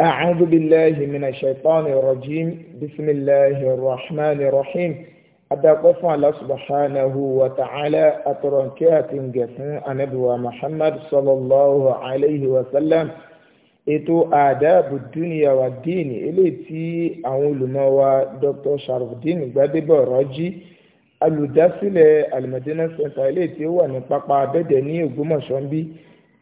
أعوذ بالله من الشيطان الرجيم بسم الله الرحمن الرحيم adakọ fún Allah subhanahu wa ta'ala atọrọ kí a ti ń gẹ̀ fún anabiwa muhammad sallallahu alayhi wa sallam ètò àdáàbò dúnìyà wa díìnì eléyìí tí àwọn olùmọ̀ wa dr sharafdin gbadebo rọjí alùdásílẹ̀ alimadina center eléyìí tí ó wà ní pápá abẹ́dẹ̀ ní ògbómọ̀ṣọ́ ń bí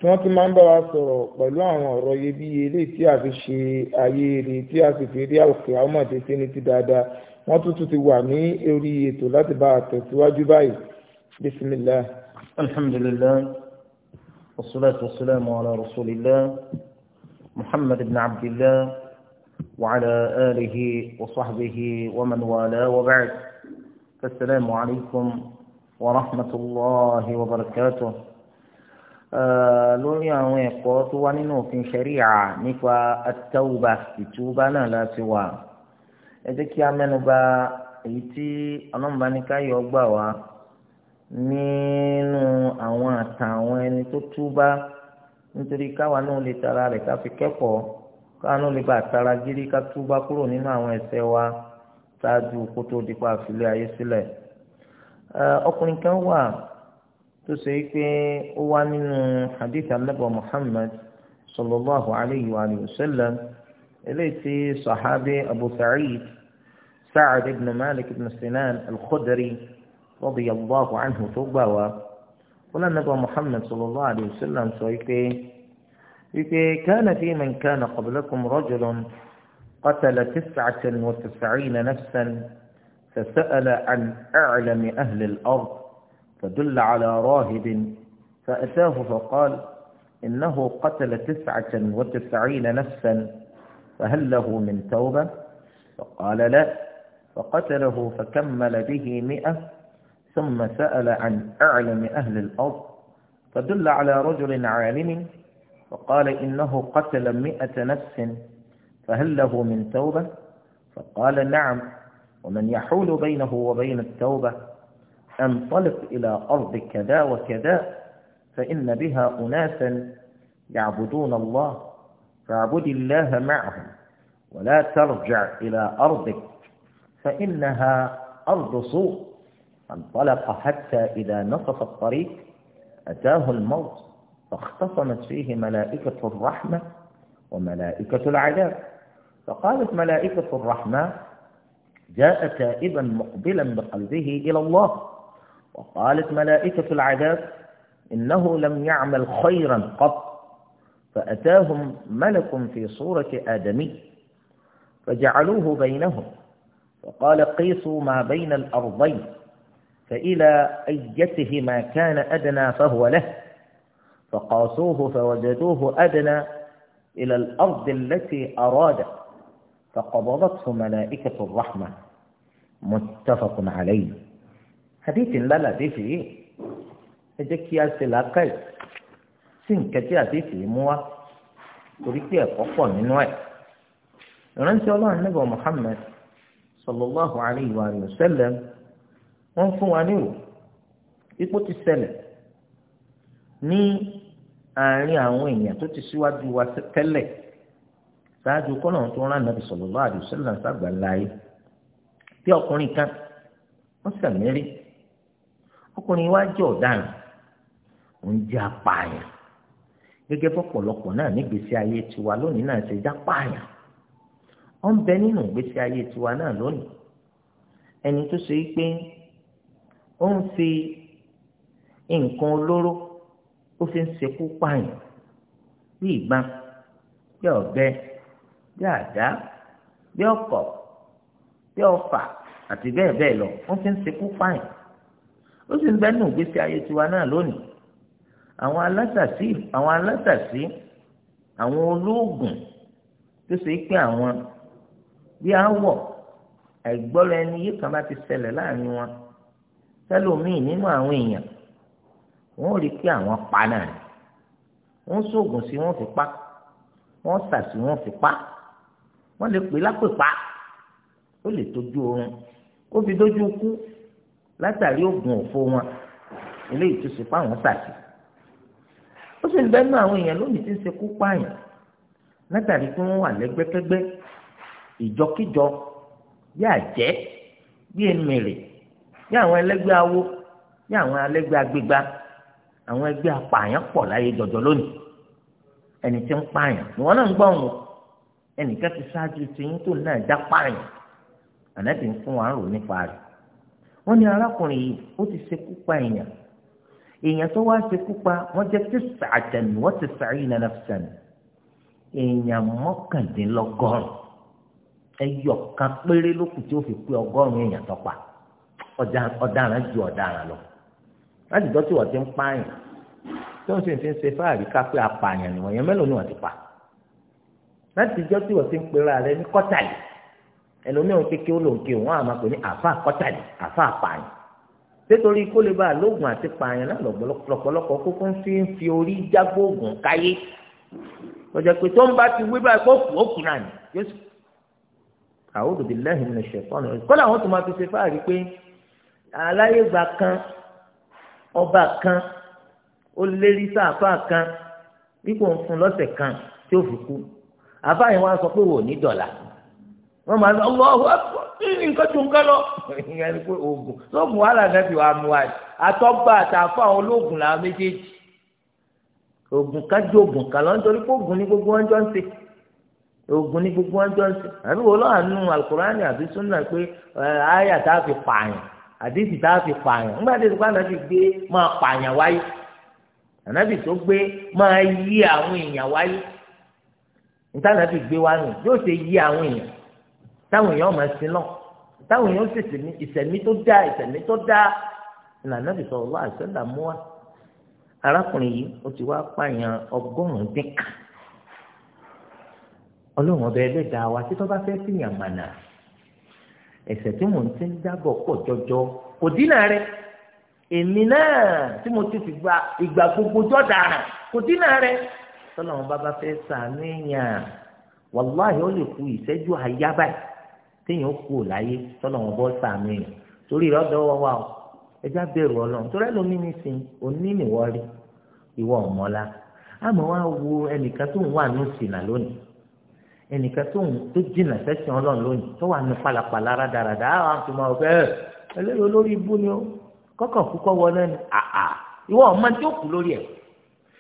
tí wọ́n ti máa ń bá wa sọ̀rọ̀ pẹ̀lú àwọn ọ̀rọ̀ iyebíye eléyìí tí a fi ṣe ayé rè tí a sì fi rí òkè àwọmọ̀dé sí ní ti dáadáa wọ́n tuntun ti wà ní orí ètò láti bá a tẹ̀síwájú báyìí bisimilah. alhamdulillah wasalaatu wasalaamu ala rasulillah muhammad ibn abdillah wa alihi wa sahbihi wa asalaamu alaykum wa rahmatulahi wa barakatuh. Eh, lórí àwọn ẹ̀kọ́ tó wá nínú òfin ṣẹ̀ríà nípa àtàwùbà ìtúbà náà láti wà ẹ jẹ́ kí a mẹ́nuba èyí tí ọlọ́mùbáníkáyọ̀ gbà wá nínú àwọn àtàwọn ẹni tó túbà nítorí káwa náà lè tara rẹ̀ ká fi kẹ́kọ̀ọ́ káwa náà lè bá tara gírí ká túbà kúrò nínú àwọn ẹ̀ṣẹ̀ wa ṣáájú kó tó di pa àfilẹ̀ ayé sílẹ̀ eh, ọkùnrin kan wà. tó ṣe pé ó wá nínú hadith anábọ̀ muhammad sallallahu alayhi wa sallam eléyìí tí sahabi abu sa'id sa'ad ibn malik ibn sinan al-khudri radiyallahu anhu tó gbà wá wọn anábọ̀ muhammad sallallahu alayhi wa sallam sọ pé wípé kánà fi man kánà qablakum rajulun قتل تسعة وتسعين نفسا فسأل عن أعلم أهل الأرض فدل على راهب فأتاه فقال إنه قتل تسعة وتسعين نفسا فهل له من توبة فقال لا فقتله فكمل به مئة ثم سأل عن أعلم أهل الأرض فدل على رجل عالم فقال إنه قتل مئة نفس فهل له من توبة فقال نعم ومن يحول بينه وبين التوبة انطلق إلى أرض كذا وكذا فإن بها أناسا يعبدون الله فاعبد الله معهم ولا ترجع إلى أرضك فإنها أرض سوء انطلق حتى إذا نصف الطريق أتاه الموت فاختصمت فيه ملائكة الرحمة وملائكة العذاب فقالت ملائكة الرحمة جاء تائبا مقبلا بقلبه إلى الله وقالت ملائكة العذاب إنه لم يعمل خيرا قط فأتاهم ملك في صورة آدمي فجعلوه بينهم فقال قيسوا ما بين الأرضين فإلى أيته ما كان أدنى فهو له فقاسوه فوجدوه أدنى إلى الأرض التي أراد فقبضته ملائكة الرحمة متفق عليه àdéhìí ńlá làdéhìí yìí ẹ jẹ́ kí a ṣe làákàyè sí nǹkan tí àdéhìí mú wá torí pé ẹ̀kọ́ pọ̀ nínú ẹ̀ ìrántí ọlọ́run níbọ̀ Muhammad sallallahu alayhi wa sallam wọ́n fún wa ní ìrò ipò ti ṣẹlẹ̀ ní àárín àwọn èèyàn tó ti síwájú wa tẹ́lẹ̀ ṣáájú kọ́nà tó rán nàbì sallallahu alayhi wa sallam láàyè bí ọkùnrin kan wọ́n sàmì ọkùnrin wa jẹ́ ọ̀daràn òun jẹ́ apààyàn gẹ́gẹ́ bọ́pọ̀lọpọ̀ náà nígbèsí ayé tiwa lónìí náà ṣe jápààyàn ó ń bẹ nínú ìgbésí ayé tiwa náà lónìí ẹni tó ṣe pé ó ń fi nǹkan olóró ó fi ń ṣekú pààyàn bí ìbọn bí ọ̀bẹ bí àdá bí ọ̀kọ̀ bí ọfà àti bẹ́ẹ̀ bẹ́ẹ̀ lọ ó fi ń ṣekú pààyàn ó sì ń bẹ nù gbèsè ayé tiwa náà lónìí àwọn alátàsí àwọn alátàsí àwọn olóògùn tó ṣe pé àwọn bí àwọ̀ àìgbọ́ra ẹni yìí kan bá ti ṣẹlẹ̀ láàrin wọn tẹ́lómìn nínú àwọn èèyàn wọ́n rí pé àwọn pa náà ni wọ́n sóògùn sí wọ́n fi pa wọ́n sà sí wọ́n fi pa wọ́n lè pè lápèpa ó lè tójú oorun ó fi dójú kú látàrí oògùn òfo wọn eléyìí tó ṣe fáwọn sàtì ó sì ń bẹnu àwọn èèyàn lónìí tí ń ṣekú pààyàn látàrí pé wọn wà lẹ́gbẹ́kẹ́gbẹ́ ìjọkíjọ bí àjẹ́ bí emèrè bí àwọn ẹlẹ́gbẹ́ awo bí àwọn ẹlẹ́gbẹ́ agbègbà àwọn ẹgbẹ́ apààyàn pọ̀ láyé jọjọ lónìí ẹni tí ń pààyàn ìwọ náà ń gbọ́ wọn ẹnìkan ti ṣáájú tiyín tó náà já pààyàn ànábì ń fún wa ń rò nípa rẹ̀ wọ́n ní arákùnrin yìí ó ti ṣekú pa èèyàn èèyàn tó wá ṣekú pa wọ́n jẹ́ tí sàdánù wọ́n ti sàáyìn náà sàdánù èèyàn mọ́kàndínlọ́gọ́rùn ẹyọ kan péré ló kù tí ó fi pé ọgọ́rùn èèyàn tó pa ọ̀daràn ju ọ̀daràn lọ láti dọ́ tí wọ́n ti ń pààyàn tí wọ́n sì ti ń ṣe fáàrí ká apààyàn nìwọ̀nyẹn mélòó ni wọ́n ti pa láti dọ́ tí wọ́n ti ń pera rẹ ní kọ́tà yìí ẹlòmíràn kékeré olóńké wọn àmà pé ní àfa àkọ́tàlì àfa àpààyàn nítorí kó lè bá a lóògùn àti pààyàn náà lọ́pọ̀lọpọ̀ kókó ń fi ń fi orí jágbóògùn káyé lọ́jà pé tó ń bá ti wí báyìí kó kù ó kù náà ní yóò a'udhu billahi minash shaitani kọ́lá àwọn tó máa fi ṣe fáàrí pé aláyégbà kan ọba kan ó lérí sáàfà kan bí kò ń fún lọ́sẹ̀ kan tí ó fi kú àbáyé wọn sọ pé wò ní dọ̀là wọ́n máa sọ ọlọ́hu ẹ̀kọ́ ní nǹkan tó ń kẹ́ lọ. ìyẹn ni pé oògùn wàhálà mú wa àtọ́gbà àtàfà àwọn oògùn kájú oògùn kan oògùn ní gbogbo wọn jọ ń oògùn ní gbogbo wọn jọ ń àbí lọ́wọ́ àánú àbí pé tá a fi pààyàn àdéhìí tá a fi pààyàn ńgbà gbé máa pààyàn wáyé tó gbé máa yí àwọn èèyàn wáyé gbé táwọn èèyàn máa sin náà táwọn èèyàn sì sèmi ìsẹ̀mí tó dá ìsẹ̀mí tó dá ìlànà ìsọ̀rọ̀ wá àṣẹlà mú wa arákùnrin yìí ó ti wá pààyàn ọgọ́rùn-ún dín kà ọlọ́run ọbẹ̀ ẹlẹ́dàá wa títọ́ bá fẹ́ fìyàn mànà ẹ̀ṣẹ̀ tí mò ń ti ń dábọ̀ pọ̀ jọjọ kò dínà rẹ èmi náà tí mo ti fi gba ìgbà gbogbo jọ̀dàrà kò dínà rẹ tọ́lọ́run bá bá fẹ́ sàánú èèyàn wàláhì ó lè ku téèyàn ó kú láyé tọ́lọ̀ wọn bọ́ sàánú yẹn torí ọ̀dọ́ wọn wà ó ẹja bẹ̀rù ọlọ́run torí ẹlòmíì nìsín òní nìwọ́rí ìwọ ọ̀mọ́lá àmọ́ wá wo ẹnìkan tó ń wà ní ìsìnà lónìí ẹnìkan tó ń tó jìnà sẹ́sìn ọlọ́run lónìí tó wà ní pàlàpàlà rádaràdà àwọn àfihàn ọ̀fẹ́ ẹlẹ́rìí olórí ibú ni ó kọ́kàn kú kọ́ wọlé ni àà ìwọ ọ̀ma tí ó kù lórí ẹ̀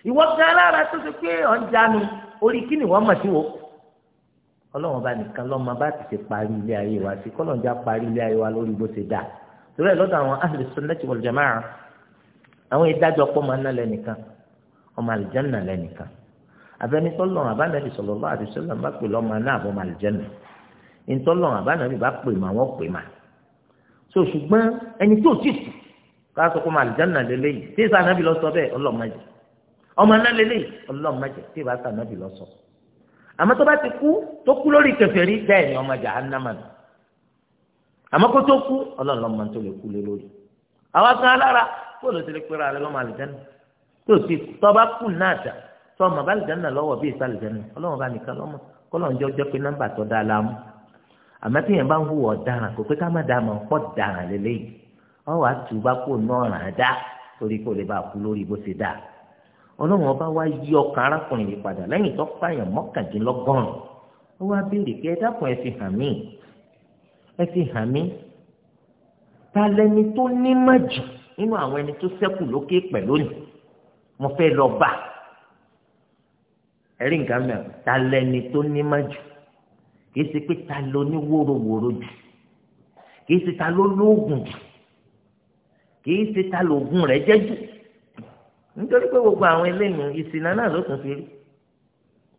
ìwọ gan alára tó ṣe pé ọ̀ ń jánu orí kí ni wọ́n mọ̀ sí wo ọlọ́run bá nìkan lọ́mọ bá ti ṣe parí ilé ayé wa sí kọ́lọ̀ ń já parí ilé ayé wa lórí bó ṣe dà torí ẹ̀ lọ́dọ̀ àwọn ahlu sunnati wal jamaa àwọn ìdájọ́ pọ̀ máa ń ná lẹ́nìkan ọmọ àlìjẹ́nà lẹ́nìkan abẹ́nitọ́lọ́ àbánàbì sallallahu alaihi wasallam bá pè lọ́mọ náà bọ́ ọmọ àlìjẹ́nà ìtọ́lọ́ àbánàbì bá pè mà wọ́n pè mà so ṣùgbọ́n ẹni tó ti sùn ká sọ pé ọmọ àlìjẹ́nà lélẹ́yìí tí ìsànàbì lọ sọ bẹ́ẹ̀ ọlọ́mọdé ọmọ náà lélẹ́yìí ọlọ́mọdé tí ìbá sànàbì lọ sọ àmọ́ tó bá ti kú tó kú lórí kèfèrí bẹ́ẹ̀ ni ọmọ jahannama nù àmọ́ kó tó kú Ọlọ́run lọmọ tó lè kú lé lórí àwa kan alára bóòlù ti lè pera rẹ lọmọ àlìjáná tó ti tọba kù náà dà tó ọmọ bá àlìjáná lọ́wọ́ bíi ìsà àlìjáná Ọlọ́run bá nìkan lọmọ kọlọrun jọ jẹ pé nọ́mbà tó dáa la mú àmọ́ tí yẹn bá ń hùwà ọ̀daràn kò pé ká má dáa mọ ọ̀pọ̀ daràn dá ọlọ́run ọba wá yí ọkàn arákùnrin yìí padà lẹ́yìn tó pààyàn mọ́kàndínlọ́gọ́rùn ó wá béèrè pé ẹ dákun ẹ fi hàn mí ẹ fi hàn mí ta lẹni tó nímọ̀ jù nínú àwọn ẹni tó ṣẹ́kù lókè pẹ̀ lónìí mo fẹ́ lọ bá ẹ̀rí nǹkan mẹ́rin ta lẹni tó nímọ̀ jù kìí ṣe pé ta ló ní wóróworó jù kìí ṣe ta ló lóògùn jù kìí ṣe ta lóògùn rẹ̀ jẹ́ jù nítorí pé gbogbo àwọn eléyìí ìsìnà náà ló tún fi rí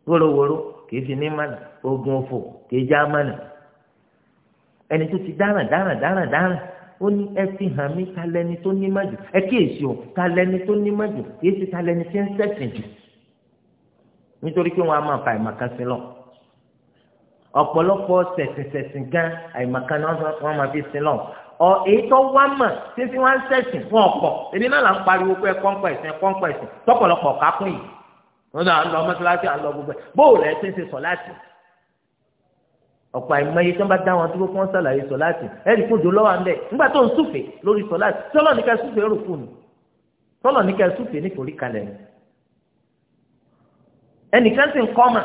wóróworó kì í fi ní mánà ogun òfò kì í já mánà ẹni tó ti dáràn dáràn dáràn dáràn ó ní ẹ fi hàn mí ta lẹni tó ní májù ẹ kíyèsí o ta lẹni tó ní májù kì í ṣe ta lẹni tí ń ṣẹ̀sìn jù nítorí pé wọn a máa fa àìmọ̀kan sí lọ ọ̀pọ̀lọpọ̀ sẹ̀sìnsẹ̀sìn gan àìmọ̀kan ni wọ́n máa fi sí lọ ọ èyí tó wá mà títí wọn sẹsìn wọn ọ̀pọ̀ èmi náà là ń pariwo pé kọ́ńpọ̀ ẹ̀sìn kọ́ńpọ̀ ẹ̀sìn tọ̀pọ̀lọpọ̀ kákún yìí wọn náà lọ mọ́sálásí àlọ́ gbogbo ẹ̀ bóòlù ẹ̀ ti ń ṣe sọ láti ọ̀pọ̀ àìmọye tó ń bá dá wọn dúró kí wọ́n ṣàlàyé sọ láti ẹ̀rí kúndùn lọ́wọ́ à ń bẹ̀ nígbà tó ń súfè lórí sọ láti tọ́lọ̀ ní ká súfè rò fún mi tọ́lọ̀ ní ká súfè nítorí kalẹ̀ mi ẹnìkan sì ń kọ́ mà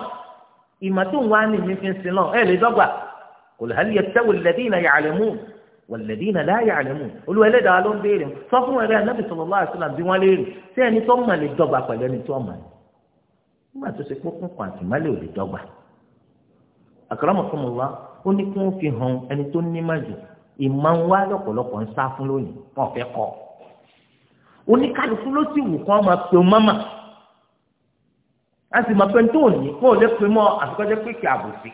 ìmọ̀ tó ń wá ní mi fi ń sin náà ẹ̀ lè dọ́gba kò lè hàlìyẹ tẹ́wò lẹ́dí ìnáyà àlẹ́ mú wàlẹ́dínà láàyè àlẹ́mù olú ẹlẹ́dàá ló ń béèrè sọ fún ẹ̀rẹ́ anábì sallallahu alaihi wasallam bí wọ́n léèrè sí ẹni tó mọ̀ lè dọ́gba pẹ̀lú ẹni tó mọ̀ nígbà tó ṣe pé kúnkún àti mọ́lẹ̀ ò lè dọ́gba. akramakumullah ó ní kí wọ́n fi hàn ẹni tó ní má jù ìmọ̀ ń wá lọ́pọ̀lọpọ̀ ń sá fún lónìí wọn ò fẹ́ kọ́ oníkálukú ló sì wù kọ́ máa pe mọ́mà a sì máa pe tó ní kó o lè pe mọ́ àfikọ́jẹ́ pé kí àbòsí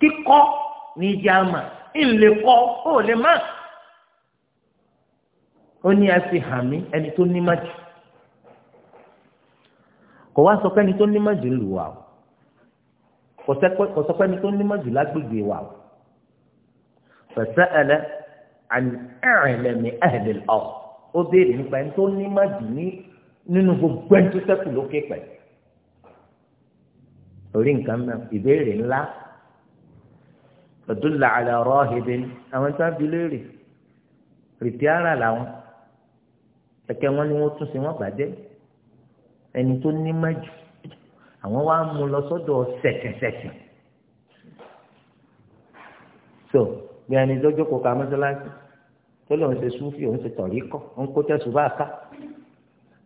kíkọ́ ní jáàmà ńlẹ kọ ó lè má ó ní àfi hàn mí ẹni tó ní má jù kò wá sọ pé ẹni tó ní má jù ń lù wá o kò sọ pé ẹni tó ní má lágbègbè wá o fasa'ala an a'lami ahli al-ard ó béèrè nípa ẹni tó ní má nínú gbogbo ẹni tó ṣẹ́kù lókè pẹ̀ orí nǹkan mẹ́rin ìbéèrè ńlá ọ̀dúnlà àlẹ́ ọ̀rọ̀ ọ̀hìnbí àwọn tí wọ́n fi léèrè rìpíárà làwọn kẹ̀kẹ́ wọn ni wọ́n tún sí wọ́n bàjẹ́ ẹni tó ní mẹ́jù àwọn wá mú lọ sọ́dọ̀ sẹ̀kẹ̀sẹ̀kẹ̀ so bí ẹni tó jókòó ká mọ́sálásí tó lóun ṣe súfì òun ṣe tọ̀rí kọ́ òun kó tẹ̀sùn bá a ká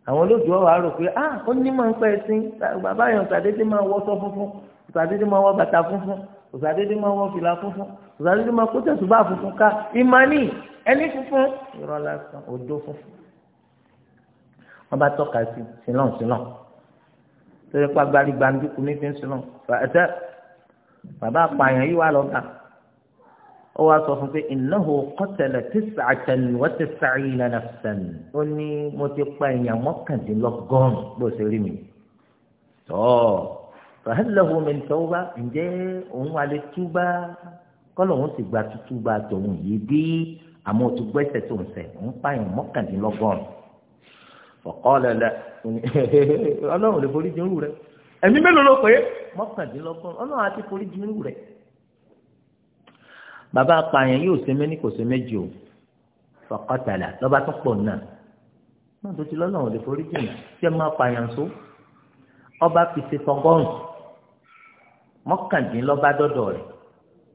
àwọn olójú ọ̀rọ̀ àrò pé ah ó ní máa ń pẹ́ sí bàbá yẹn tàdédé máa wọ sọ funfun tàdédé máa wọ bàtà funfun òsàdédé máa wọ́n fìlà funfun òsàdédé máa kó tẹ̀sùbá funfun ká ìmánì ẹni funfun irọ́ lásán òdo funfun wọ́n bá tọ́ka sí sílọ̀ sílọ̀ tẹ́lẹ̀ pa gbali gbàndúkú ní fi sílọ̀ ẹ̀tẹ́ bàbá apààyàn yìí wà lọ́gà ó wá sọ fún pé innahu qatala tis'atan wa tis'ina nafsan ó ní mo ti pa èèyàn mọ́kàndínlọ́gọ́rùn-ún bó ṣe rí mi tọ́ọ̀ fàhálàhùn mi tọ́wọ́ ǹjẹ́ òun alẹ́ túbá kọ́lọ̀ òun sì gba túbá tòun yìí dé àmọ́ òtún gbẹ́sẹ̀ tó ń sẹ̀ ń pààyàn mọ́kàndínlọ́gọ́rùn-ún fọ̀kọ́lẹ̀lẹ̀ ọlọ́run lè forí jìn irú rẹ̀ ẹ̀mí mélòó ló pé mọ́kàndínlọ́gọ́rùn-ún ọlọ́run àti forí jìn irú rẹ̀ bàbá apààyàn yóò ṣe méní kò ṣe méjì o fọ̀kọ́tàlà lọ́ba tó pọ̀ náà náà tó ti lọ́lọ́run lè forí jìn tí ọba fi ṣe tọgọ́rùn-ún mọ́kàndínlọ́gba dọ́dọ̀ rẹ̀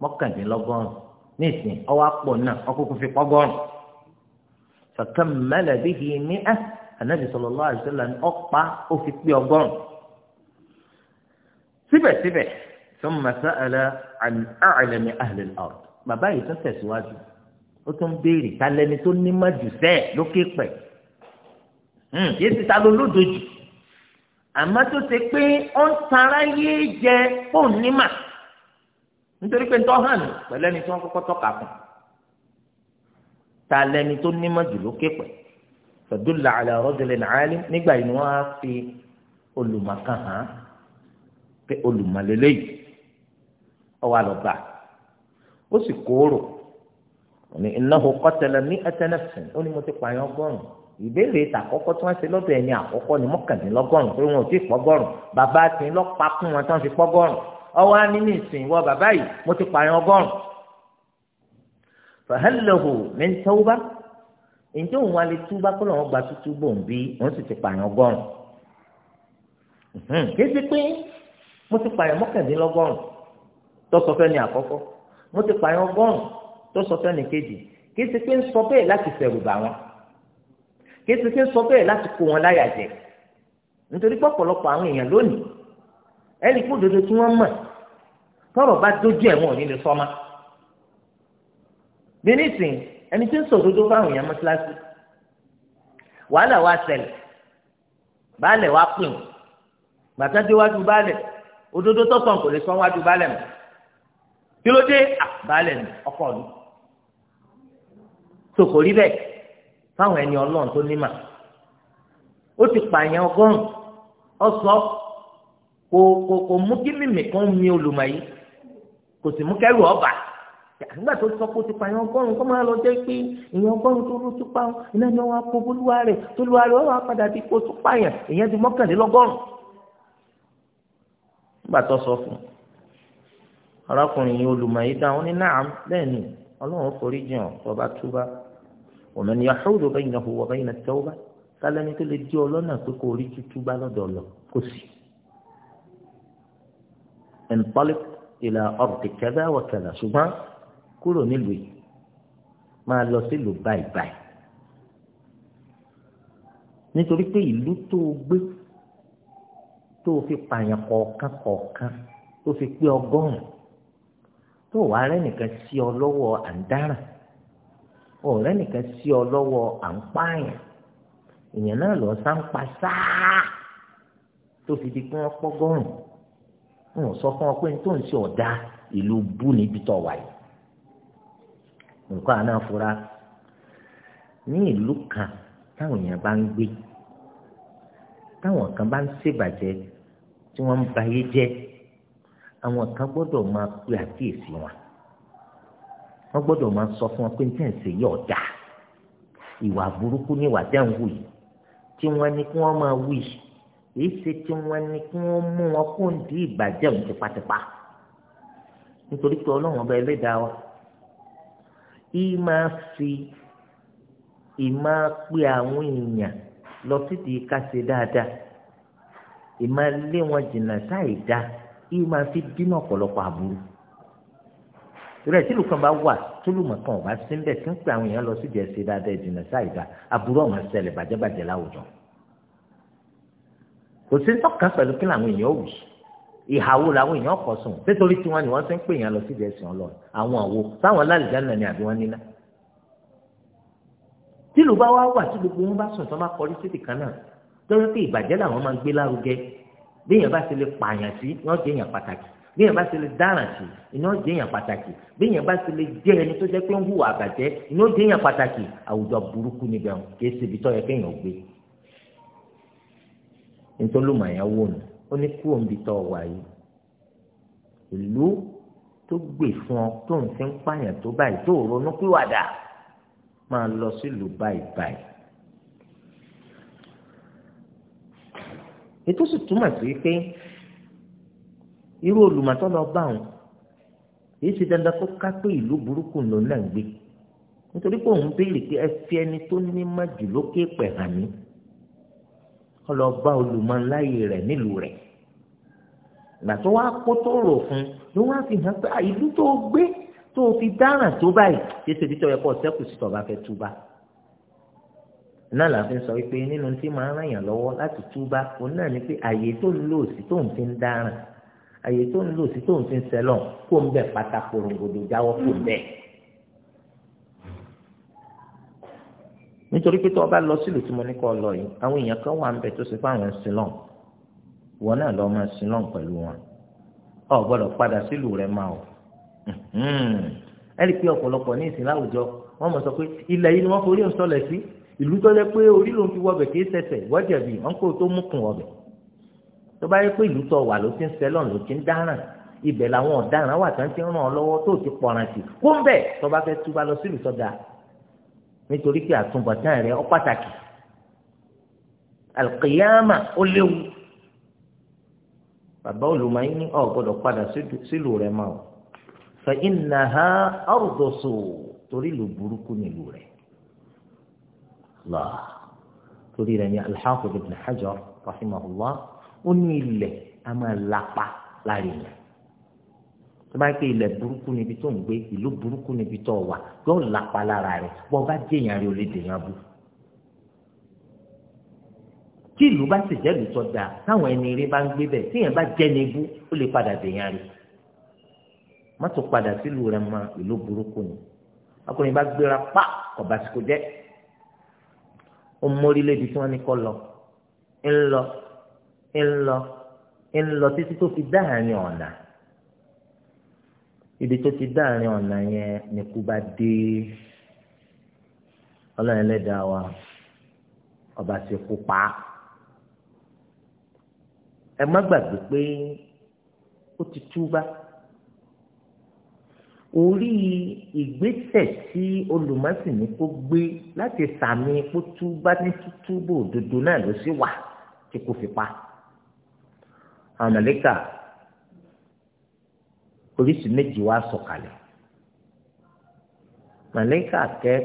mọ́kàndínlọ́gọ́rùn nísìn ọwọ́ àpò náà ọkùnkùn fi pọ́gọ́rùn fẹ̀kẹ́m mẹ́lẹ̀bí hi ní ẹ́ ànábì sallallahu alaihi wasallam ọ̀pá ó fi pé ọgọ́rùn síbẹ̀síbẹ̀ thumma sa'ala an a'lami ahli al-ard bàbá yìí tó tẹ̀síwájú ó tún béèrè talẹ́ni tó ní mọ́jú sẹ́ẹ̀ lókè pẹ̀ hmm, yéé ti ta ló lódojì àmọ́ tó ṣe pé ó ń tara yé jẹ kó nímà nítorí pé tó hàn pẹ̀lú ẹni tó ń kọ́kọ́ tọ́ka kan ta lẹni tó nímọ̀ jù lókè pẹ̀ fẹ̀dúlà àlẹ́ ọ̀rọ̀dẹ̀lẹ̀ nàáyálé nígbà yìí ni wọ́n á fi olùmọ̀kan hàn pé olùmọ̀lélẹ́ yìí ọwọ́ àlọ́gbà ó sì kóró òní innahu qatala mi'ata nafsin ó ní mo ti pààyàn ọgọ́rùn-ún ìbéèrè ìtàkọ́kọ́ tí wọ́n ṣe lọ́dọ̀ ẹni àkọ́kọ́ ni mọ́kàndínlọ́gọ́rùn pé wọn ò tí ì pọ́gọ́rùn bàbá ti ń lọ́pa fún wọn tí wọ́n fi pọ́gọ́rùn ọwọ́ á ní ní ìsìn ìwọ bàbá yìí mo ti pààyàn ọgọ́rùn. fàhálẹ́hù mi ń tọ́wọ́ bá ǹjẹ́ òun wa lè túbá kó lọ́wọ́ gba tútú bò ń bí òun sì ti pààyàn ọgọ́rùn. kí sí pé mo ti pààyàn mọ́kàndínlọ́gọ́rùn tó sọ fẹ́ni àkọ́kọ́ mo ti pààyàn ọgọ́rùn tó sọ kéésì tí ń sọ bẹ́ẹ̀ láti kó wọn láyà jẹ nítorí pọ̀pọ̀lọpọ̀ àwọn èèyàn lónìí ẹnì kú dodo tí wọ́n mọ̀ tọ́rọ̀ bá dójú ẹ̀ wọn ò ní lè sọ́mà bí nísìn ẹni tí ń sọ òdodo fáwọn èèyàn mọ́síláṣí wàhálà wa ṣẹlẹ̀ baálẹ̀ wa pè wọ́n gbàtà déwájú baálẹ̀ òdodo tọ́sán kò lè sọ wájú baálẹ̀ mọ́ kí ló dé baálẹ̀ mi ọkọ mi tòkòrí bẹ́ẹ̀ fáwọn ẹni ọlọ́run tó nímà ó ti pààyàn ọgọ́rùn ọsọ kò kò kò mú kí mímì kan mi olùmọ̀ yìí kò sì mú kẹ́rù ọba nígbà tó sọ pé ó ti pààyàn ọgọ́rùn kó máa lọ jẹ́ pé èèyàn ọgọ́rùn tó ló tún pa ọ́ iná ni wọ́n á kó bolúwa rẹ̀ tó lúwa rẹ̀ wọ́n á padà bí kó tún pààyàn èèyàn di mọ́kànlélọ́gọ́rùn nígbà tó sọ fún arákùnrin olùmọ̀ yìí dáhùn ní náà bẹ́ẹ̀ ni ọlọ́run forí jìn ọ́ ومن يحول بينه وبين التوبة sálẹ́ni tó lè di ọlọ́nà pé kò rí tútú bá lọ́dọ̀ lọ kò sí. ẹnpọ́lík ìlà ọ̀rùtì kẹ́dá wọ̀kẹ́dà ṣùgbọ́n kúrò nílùú yìí máa lọ sílùú báyìí báyìí. nítorí pé ìlú tó o gbé tó o fi pààyàn kọ̀ọ̀kan kọ̀ọ̀kan tó o fi pé ọgọ́rùn-ún tó o wá rẹ́ nìkan sí ọ lọ́wọ́ àǹdáràn ọ̀rẹ́ nìkan sí ọ lọ́wọ́ à ń pààyàn èèyàn náà lọ sá ń pa sáà tó fi di pé wọ́n pọ́gọ́rùn ń sọ fún ọ pé tó ń ṣe ọ̀dà ìlú bú níbi tó wà yìí nǹkan àná fura ní ìlú kan táwọn èèyàn bá ń gbé táwọn kan bá ń ṣèbàjẹ́ tí wọ́n ń bayé jẹ́ àwọn kan gbọ́dọ̀ máa pe àkíyèsí wọn wọ́n gbọ́dọ̀ máa sọ fún wọn pé níta ẹ̀sẹ̀ yọ̀ dà ìwà burúkú ní ìwà tẹ̀ ń wù yìí tí wọ́n ní kí wọ́n máa wù yìí èyí ṣe tí wọ́n ní kí wọ́n mú wọn kó ń di ìbàjẹ́ òun tipátipá nítorí pé ọlọ́run ọba ẹlẹ́dàá wa yìí máa fi ìmá pé àwọn èèyàn lọ sídìí káṣe dáadáa ìmá lé wọn jìnnà sáì dá yìí máa fi dínà ọ̀pọ̀lọpọ̀ àbúrò rẹ̀ tí lùkàn bá wà tó lùmọ̀ kan ò bá sí ń bẹ̀ tí ń pè àwọn èèyàn lọ sí jẹ́sẹ̀ dáadáa ìdènà sáìdá aburú ọ̀mọ̀ ṣẹlẹ̀ bàjẹ́bàjẹ́ láwùjọ. kò sí tọ́kàn pẹ̀lú kí làwọn èèyàn wù ìhàwó làwọn èèyàn kọ̀ sùn nítorí tí wọ́n ní wọ́n ti ń pè èèyàn lọ sí jẹ́sẹ̀ ọlọ́run àwọn àwo táwọn lálùjá náà ni àbí wọ́n níná. tí lù bá wá wà tí bí èèyàn bá ṣe lè dáràn sí iná jẹ́ èèyàn pàtàkì bí èèyàn bá ṣe lè jẹ́ ẹni tó jẹ́ pé ń hùwà àbàjẹ́ iná jẹ́ èèyàn pàtàkì àwùjọ burúkú níbẹ̀ wọn kì í ṣe ibi tó yẹ kéèyàn gbé nítorí ló màá yà wò nù ó ní kú òǹbi tó wà yìí ìlú tó gbè fún ọ tó ń fi ń pààyàn tó báyìí tó ronú pìwàdà máa lọ sílùú báyìí báyìí ètò sì túmọ̀ sí pé irú olùmọ̀tọ́ lọ bá òun èyí ṣe dandan kó ká pé ìlú burúkú ló náà gbé nítorí pé òun béèrè pé ẹ fi ẹni tó ní má jù lókè pẹ̀ hàn mí ọlọ́ba olùmọ̀láyè rẹ̀ nílùú rẹ̀ ìgbà tó wá kó tó rò fún ló wá fi hàn pé ìlú tó gbé tó fi dáràn tó báyìí ṣe ṣe bí ṣẹ́kù sí tọ́ba fẹ́ túbá náà la fi sọ wípé nínú tí máa ràn yàn lọ́wọ́ láti túbá òun náà ni pé àyè tó ń lò sí tóun fi ń dáràn àyè tó ń lò sí tó ń fi ń sẹlọ̀ kó ń bẹ̀ pátá korongodo jáwọ́ kó ń bẹ̀. nítorí pé tó o bá lọ sílùú tí mo ní kọ́ lọ yìí àwọn èèyàn kan wà ń bẹ̀ tó ṣe fún àwọn sílọ̀n wọn náà lọ́ọ́ máa sílọ̀n pẹ̀lú wọn o gbọ́dọ̀ padà sílùú rẹ máa o ẹ rí i pé ọ̀pọ̀lọpọ̀ ní ìsìn láwùjọ wọ́n mọ̀ sọ pé ilẹ̀ yìí ni wọ́n forí ń sí ìlú tó jẹ́ pé orí ló ń fi kì í ṣẹ̀ṣẹ̀ wọ́jẹ̀bi wọ́n kó tó mú kùn wọbẹ̀ tó bá yẹ pé ìlú tó wà ló ti ń sẹlọ̀ ló ti ń dáràn ibẹ̀ làwọn ọ̀daràn wà tán ti ń ràn ọ́ lọ́wọ́ tó ti pọ̀ràn sí kó ń bẹ̀ tó bá fẹ́ túbá lọ sílùú sọ́dà nítorí pé àtúbọ̀tán rẹ̀ ó pàtàkì alqiyama ó léwu bàbá olùmọ̀ ní ọ̀ gbọ́dọ̀ padà sílùú rẹ̀ máa o fa innaha ardusu torí ìlú burúkú nílùú rẹ̀ lọ́ọ̀ torí rẹ̀ ní al ibn Hajar rahimahullah ó ní ilẹ̀ a máa lapa láàrin yẹn tó bá pé ilẹ̀ burúkú níbi tó ń gbé ìlú burúkú níbi tó wà yóò lapa lára rẹ̀ bọ́ bá dé èèyàn rí o bú tí ìlú bá sì jẹ́ ìlú tó dáa táwọn ẹni eré bá ń gbé bẹ̀ tíyẹn bá jẹ́ ní ibú ó lè padà dèèyàn rí má tó padà sílùú rẹ̀ mọ ìlú burúkú ni ọkùnrin bá gbéra pa ọba sìkò ó mórí lébi tí wọ́n ní kọ́ lọ ń lọ ńlọ ńlọ títí tó fi dáhàrin ọ̀nà ibi tó ti dáhàrin ọ̀nà yẹn ni kú bá dé ọlọ́run ẹlẹ́dàá wa ọba ti kú pa á ẹ má gbàgbé pé ó ti túbá orí ìgbésẹ̀ tí olùmọ̀sìnì kó gbé láti sàmì kó túbá ní túbú òdodo náà ló sì wà tí kò fi pa á àmàlẹ́kà oríṣi méjì wá sọ̀kalẹ̀ màlẹ́kà kẹ́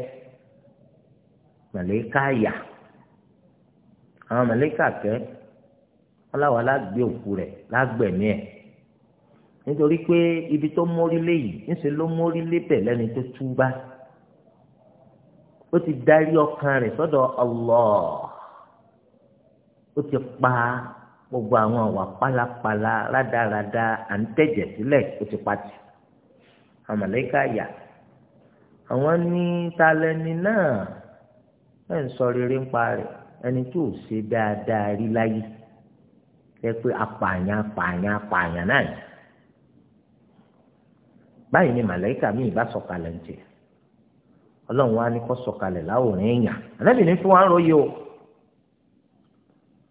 màlẹ́kà yà àwọn màlẹ́kà kẹ́ aláwa lágbé òkú rẹ̀ lágbẹ̀mí ẹ̀ nítorí pé ibi tó mórí lé yìí níṣẹ́ ló mórí lé bẹ̀ lẹ́ni tó túbá ó ti darí ọkàn rẹ̀ sọ́dọ̀ Allah ó ti pa gbogbo àwọn àwà pálapàla rádaràda à ń tẹ̀jẹ̀ sílẹ̀ ó ti pati àmàlẹ́kà yà àwọn ní talẹ́ni náà ẹ̀ ń sọ rere ń pa rẹ̀ ẹni tí ò ṣe dáadáa rí láyé ẹ pé apààyàn apààyàn apààyàn náà yìí ni màlẹ́kà mi ìbá sọ̀kalẹ̀ ń tẹ̀ ọlọ́run wa ni kó sọ̀kalẹ̀ láwòrán èèyàn o.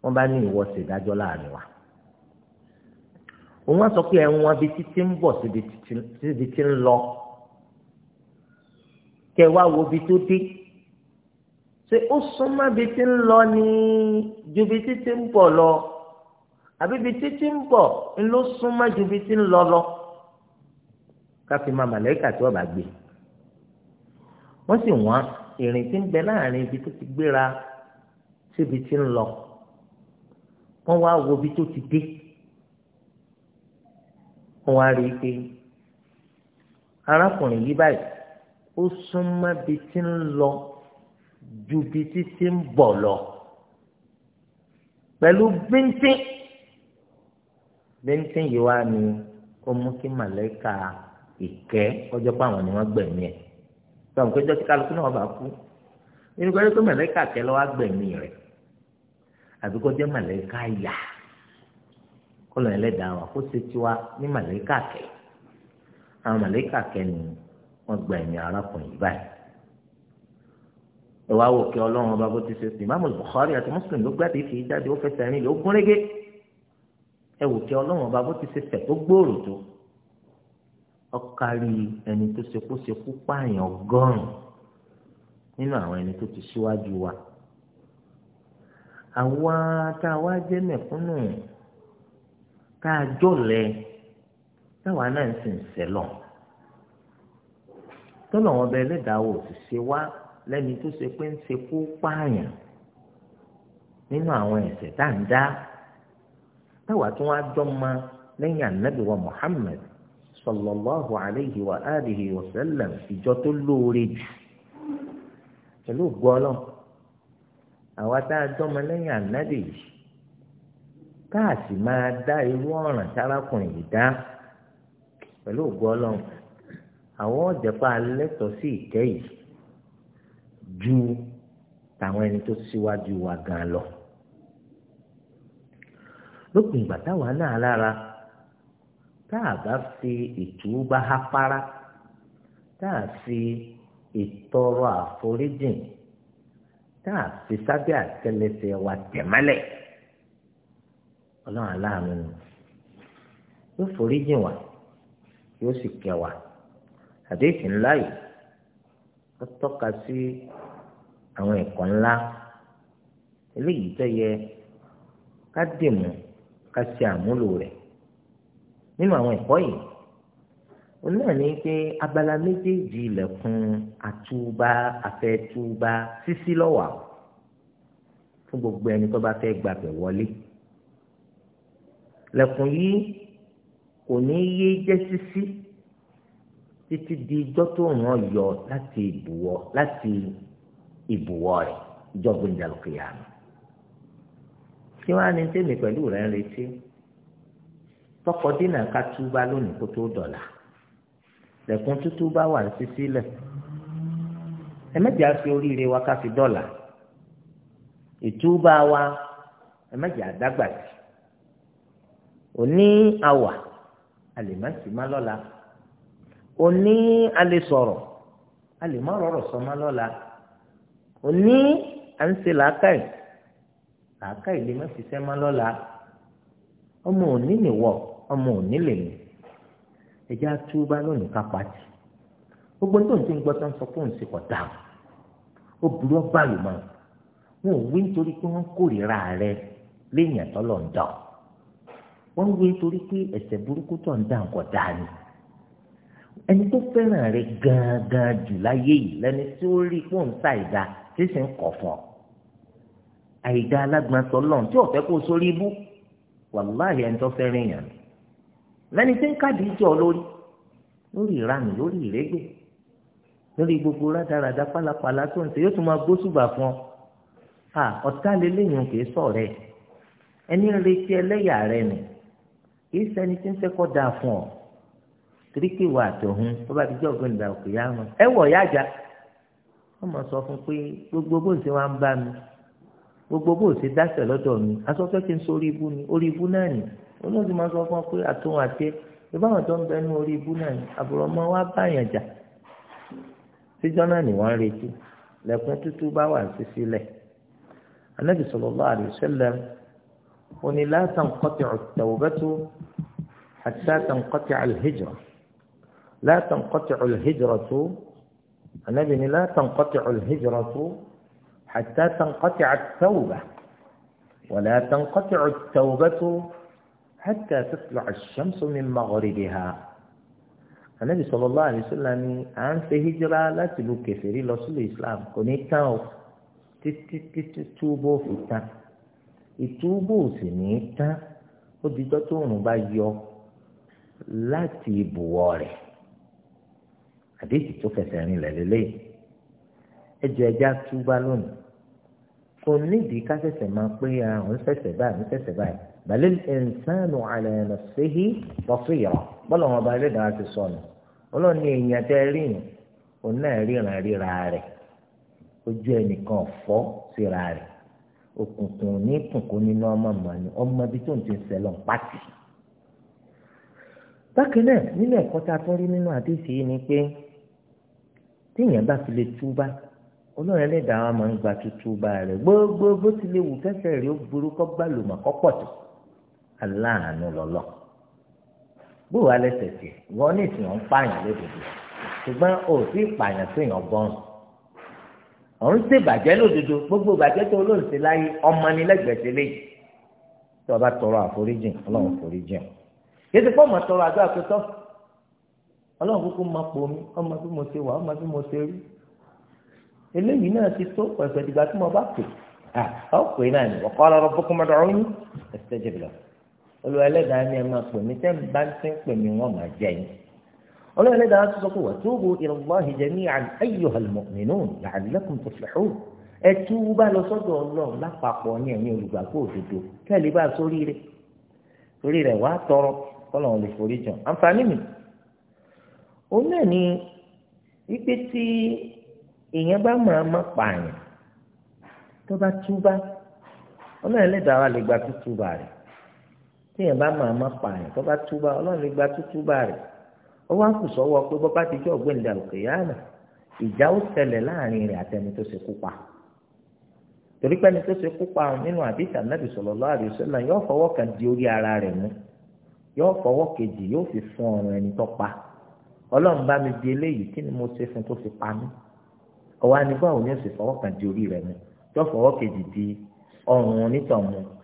wọ́n bá ní ìwọ ṣèdájọ́ láàrin wa òun á sọ pé ẹ̀wọ̀n bí títí ń bọ̀ síbi tí ń lọ kẹ wá wo bí tó dé ṣé ó súnmọ́ bí tí ń lọ ní ju bí títí ń bọ̀ lọ àbí bí títí ń bọ̀ ń ló súnmọ́ ju bí tí ń lọ lọ káfí máa màlẹ́kà tí wọ́n bá gbé wọ́n sì wọ́n ìrìn tí ń bẹ láàrin ibi tó ti gbéra síbi tí ń lọ wọ́n wá wo bí tó ti dé wọ́n wá rí i pé arákùnrin yìí báyìí ó súnmọ́ bí tí ń lọ ju bí tí tí ń bọ̀ lọ pẹ̀lú bíntín bíntín yìí wá ní ó mú kí màlẹ́kà ìkẹ́ ọjọ́ pé àwọn ni wọ́n gbẹ̀mí ẹ̀ sọ̀rọ̀ pé jọ́sí kálukú náà bá kú nínú pẹ́ẹ́rẹ́ pé màlẹ́kà kẹ́ lọ́wọ́ gbẹ̀mí rẹ̀ àbí kó jẹ́ màlẹ́kà yà kọlọ ẹlẹ́dàá wa kó ṣe tiwa ní màlẹ́kà kẹ àwọn màlẹ́kà kẹ ni wọ́n gba ẹ̀mí arákùnrin báyìí ẹ wá wò kí ọlọ́run ọba bó ti ṣe sìn Imam Bukhari àti Muslim ló gbàdé kì í jáde ó fẹsẹ̀ rìn lé ó gún régé ẹ wò kí ọlọ́run ọba bó ti ṣe fẹ̀ tó gbòòrò tó ọkàrí ẹni tó ṣekú ṣekú pààyàn ọgọ́rùn nínú àwọn ẹni tó ti ṣíwájú wa. àwa tá a wá jẹ́ mẹ̀kúnnù tá a jọ̀lẹ̀ táwa náà ń sìn tọ́lọ̀ wọn bẹ ẹlẹ́dàá sì ṣe wá lẹ́ni tó ṣe pé ń ṣe kó pààyàn nínú àwọn ẹ̀ṣẹ̀ tá à ń dá táwa tó wá jọ ma lẹ́yìn ànábì wa Muhammad sallallahu wa alihi wa sallam ìjọ àwa tá a jọmọ lẹ́yìn ànábì yìí káàsì máa dá irú ọ̀ràn tárakùnrin yìí dá pẹ̀lú ògo ọlọ́run àwọn ọ̀jẹ̀pá lẹ́tọ̀ọ́ sí ìkẹ́ yìí ju tàwọn ẹni tó síwájú wa gan lọ lópin ìgbà táwa náà lára tá a bá fi hápára tá a tá a fi sábẹ́ àtẹ́lẹsẹ̀ wa tẹ̀mọ́lẹ̀ ọlọ́run aláàánú ni yóò forí jìn wá yóò sì kẹ́ wa àdéhìí ńlá yìí ó tọ́ka sí àwọn ẹ̀kọ́ ńlá eléyìí tó yẹ ká dìmú ká ṣe àmúlò rẹ̀ nínú àwọn ẹ̀kọ́ yìí náà ní pé abala méjèèjì ilẹ̀kùn àtúbà àfẹ́túbà sísí lọ́wọ́ fún gbogbo ẹni tó bá fẹ́ gbàgbẹ́ wọlé lẹ̀kùn yìí kò ní yé jẹ́ sísí títí di ijọ́ tó ràn yọ láti ìbùwọ̀ láti ìbùwọ̀ rẹ̀ ìjọba ìdàlùkìyà kí wọ́n á ní tèmi pẹ̀lú rẹ̀ ń retí tọkọ dínà ká túbà lónìí kó tó dọ̀là lẹ̀kùn tútù bá wà sí sílẹ̀ ẹ̀mẹ́jẹ̀ á fi oríire wa ká fi dọ́là ìtúbà wa ẹ̀mẹ́jẹ̀ àdágbàsí òní àwà àlèmásì má lọ́la òní alẹ́ sọ̀rọ̀ àlèmọ́ rọ̀rọ̀ sọ má lọ́la òní à ń ṣe làákàyè làákàyè lè má ṣiṣẹ́ má lọ́la ọmọ òní nìwọ ọmọ òní lèmi ẹ̀já túbá lónìí ká pàtì gbogbo ní tòun ti ń gbọ́ tó ń sọ fóun sí ọ̀dà ó burú ọgbà lò mọ́ wọn ò wí nítorí pé wọ́n kórìíra rẹ léèyàn tó lọ ń dà wọ́n wí nítorí pé ẹ̀ṣẹ̀ burúkú tó ń dà ń kọ̀ dá ni ẹni tó fẹ́ràn rẹ gangan jù láyé yìí lẹ́ni tí ó rí pé òun ṣàìdá tí sì ń kọ̀ fún ọ àìdá alágbọ̀nsọ lọ́n tí ò fẹ́ kó sórí ibú wàláhì ẹni tó fẹ́ràn èèyàn ni lẹ́ni tí ń kàdí jọ lórí lórí ìranù lórí ìrégbè lórí gbogbo rádaràda pálapàla tó ń ṣe yóò tún máa gbósùbà fún ọ à ọ̀tá lélẹ́yìn kì í sọ̀rẹ́ ẹni ń retí ẹlẹ́yà rẹ nù kì í ṣẹni tí ń fẹ́ kọ́ dáa fún ọ tiriki wà tòun tó bá ti jẹ́ ògbóni ìgbà òkè yá wọn. ẹ wọ̀ yájà wọ́n mọ̀ sọ fún pé gbogbo bó ṣe wá ń bá mi gbogbo bó ṣe dáṣẹ̀ lọ́dọ̀ mi asọ́fẹ́ kí n sọ orí ibú ni orí ibú náà nì olóhùn ti máa sọ fún ọ pé àtòun àti ìbáwọn tó ń bẹ ní orí ibú náà ni àbúrò ọmọ wa báyàn jà síjọ́ náà ni wọ́n ń retí lẹ́kùn tútù bá wà sí sílẹ̀ anábì sallallahu alaihi wasallam òní la tanqati'u at-tawbatu hatta tanqati'a al-hijra la tanqati'u al-hijratu ni la tanqati'u al-hijratu hatta tanqati'a at-tawbah wa la tanqati'u at hatta tatla'a ash-shamsu min maghribiha anabi sallallahu alaihi wasallam ni à ń ṣe hijira láti lu kèfèrí lọ sílùú islam kò ní tán o títí títí túbọ̀ fi tán ìtúbọ̀ ò sì ní tán ó di tó tó òrùn bá yọ láti ibùwọ̀ rẹ̀ àdéhìí tó fẹsẹ̀ rìn lẹ́lẹ́lẹ́ ẹjọ́ ẹja túbá lónìí kò nídìí ká ṣẹ̀ṣẹ̀ máa pé à ń ṣẹ̀ṣẹ̀ báyìí ń ṣẹ̀ṣẹ̀ báyìí bal al على نفسه بصيرة، بل هو بارد bá ẹlẹ́dàá ti sọnù ọlọ́run ní èèyàn tẹ́ rí ni òun náà ríran ríra rẹ̀ ojú ẹnìkan fọ́ síra rẹ̀ òkùnkùn ní kùnkùn nínú ọmọ màní ọmọ ibi tó ń ti sẹ́lọ̀ ń pàtì. bákan náà nínú ẹ̀kọ́ tá a tún rí nínú àdéhìí yìí ni pé téèyàn bá fi lè túbá ọlọ́run ẹlẹ́dàá máa ń gba tútúbá rẹ̀ gbogbo bó ti lè wù kẹsẹ̀ rí ó burú kọ́ gbàlùmọ̀ kọ́ pọ̀ tó aláàánú lọ́lọ́ bó wàá lẹ́sẹ̀ sí wọn ní ìsìn ọ̀ ń pààyàn lódodo ṣùgbọ́n ò sí ìpààyàn tó yàn bọ́n ọ̀hún ṣe bàjẹ́ lódodo gbogbo bàjẹ́ tó lóun ṣe láyé ọmọ ni lẹ́gbẹ̀ẹ́ ṣe léyìí tó o bá tọrọ àforíjìn ọlọ́run foríjìn yéésì pọ́ mọ̀ tọrọ àdúrà tó tọ́ ọlọ́run kúkú máa pò mí ọmọ bí mo ṣe wà ọmọ bí mo ṣe rí eléyìí náà ti tó pẹ̀pẹ̀ dìgbà tí mo bá pè á pè náà ni wa qala olùwà ẹlẹ́dàá ni ẹ máa pè mí tẹ́ ń bá ti ń pè mí wọ́n máa jẹ yín olùwà ẹlẹ́dàá sọ pé wà túbú ilallahi jami'an ayyuhal mu'minun la'allakum tuflihun ẹ túbá lọ sọ́dọ̀ ọlọ́run lápapọ̀ ní ẹ̀yin olùgbàgbọ́ òdodo kẹ́lẹ́ bá sórí rẹ̀ torí rẹ̀ wàá tọrọ kọ́lọ́run lè forí jàn àǹfààní mi òun náà ni wípé tí èèyàn bá máa má pààyàn tó bá túbá olùwà ẹlẹ́dàá téèyàn bá máa má pààyàn tó bá túbà ọlọ́run lè gba túbà rẹ̀ ó wá kù sọ́wọ́ pé bó bá ti jẹ́ ọ̀gbìn ìdàlùkè yáàmà ìjà ó ṣẹlẹ̀ láàrin rẹ̀ àtẹni tó ṣe kú pa torí pé ẹni tó ṣe kú pa nínú àdìsí ànábì sallallahu alaihi wasallam yóò fọwọ́ kan di orí ara rẹ̀ mú yóò fọwọ́ kejì yóò fi fún ọrùn ẹni tó pa ọlọ́run bá mi di eléyìí kí ni mo ṣe fún tó fi pa mí ọwọ́ anibáwo ni ó sì fọwọ́ kan di orí rẹ̀ mú yóò fọwọ́ kejì di ọrùn onítọ̀mù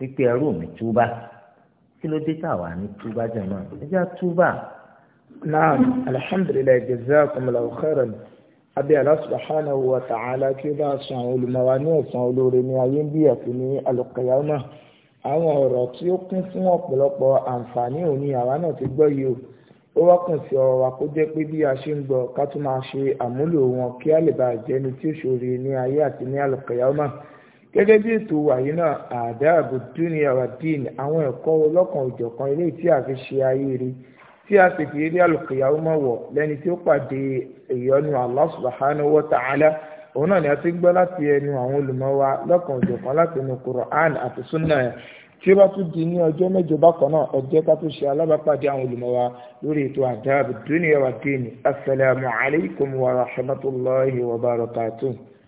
wípé ẹrú mi túbà kí ló dé táwa ní túbà jẹmọ ẹjẹ túbà. naam alhamdulilayi jazakumullahu khairan abi Allah subhanahu wa ta'ala kí ó bá san olùmọ̀wá ní ẹ̀san olóore ní ayé ń bí ẹ̀kú ní alùkàyámà àwọn ọ̀rọ̀ tí ó kún fún ọ̀pọ̀lọpọ̀ àǹfààní òní àwa náà ti gbọ́ yìí ó wọ́pọ̀ sí ọ̀rọ̀ wa kó jẹ́ pé bí a ṣe ń gbọ́ ká tún máa ṣe àmúlò wọn kí á lè bàa jẹ́ni tí ó ṣòro ní ayé àti ní alùkàyámà gẹ́gẹ́ bí ètò wàyí náà àdáàbò dúnìá wà díìnì àwọn ẹ̀kọ́ ọlọ́kan òjọ̀kan ilé tí a fi ṣe ayé rí tí a sì fi rí àlùkìyàwó mọ̀ wọ̀ lẹ́ni tí ó pàdé ìyọ́nú Allah subhanahu wa ta'ala òun náà ni a ti gbọ́ láti ẹnu àwọn olùmọ̀ wa lọ́kan òjọ̀kan láti inú Qur'an àti sunna ẹ̀ tí ó bá tún di ní ọjọ́ mẹ́jọ bákan náà ẹ ká tún ṣe alábàápàdé àwọn olùmọ̀ lórí ètò àdáàbò dúnìá wà díìnì assalamu alaykum wa rahmatullahi wa barakatuh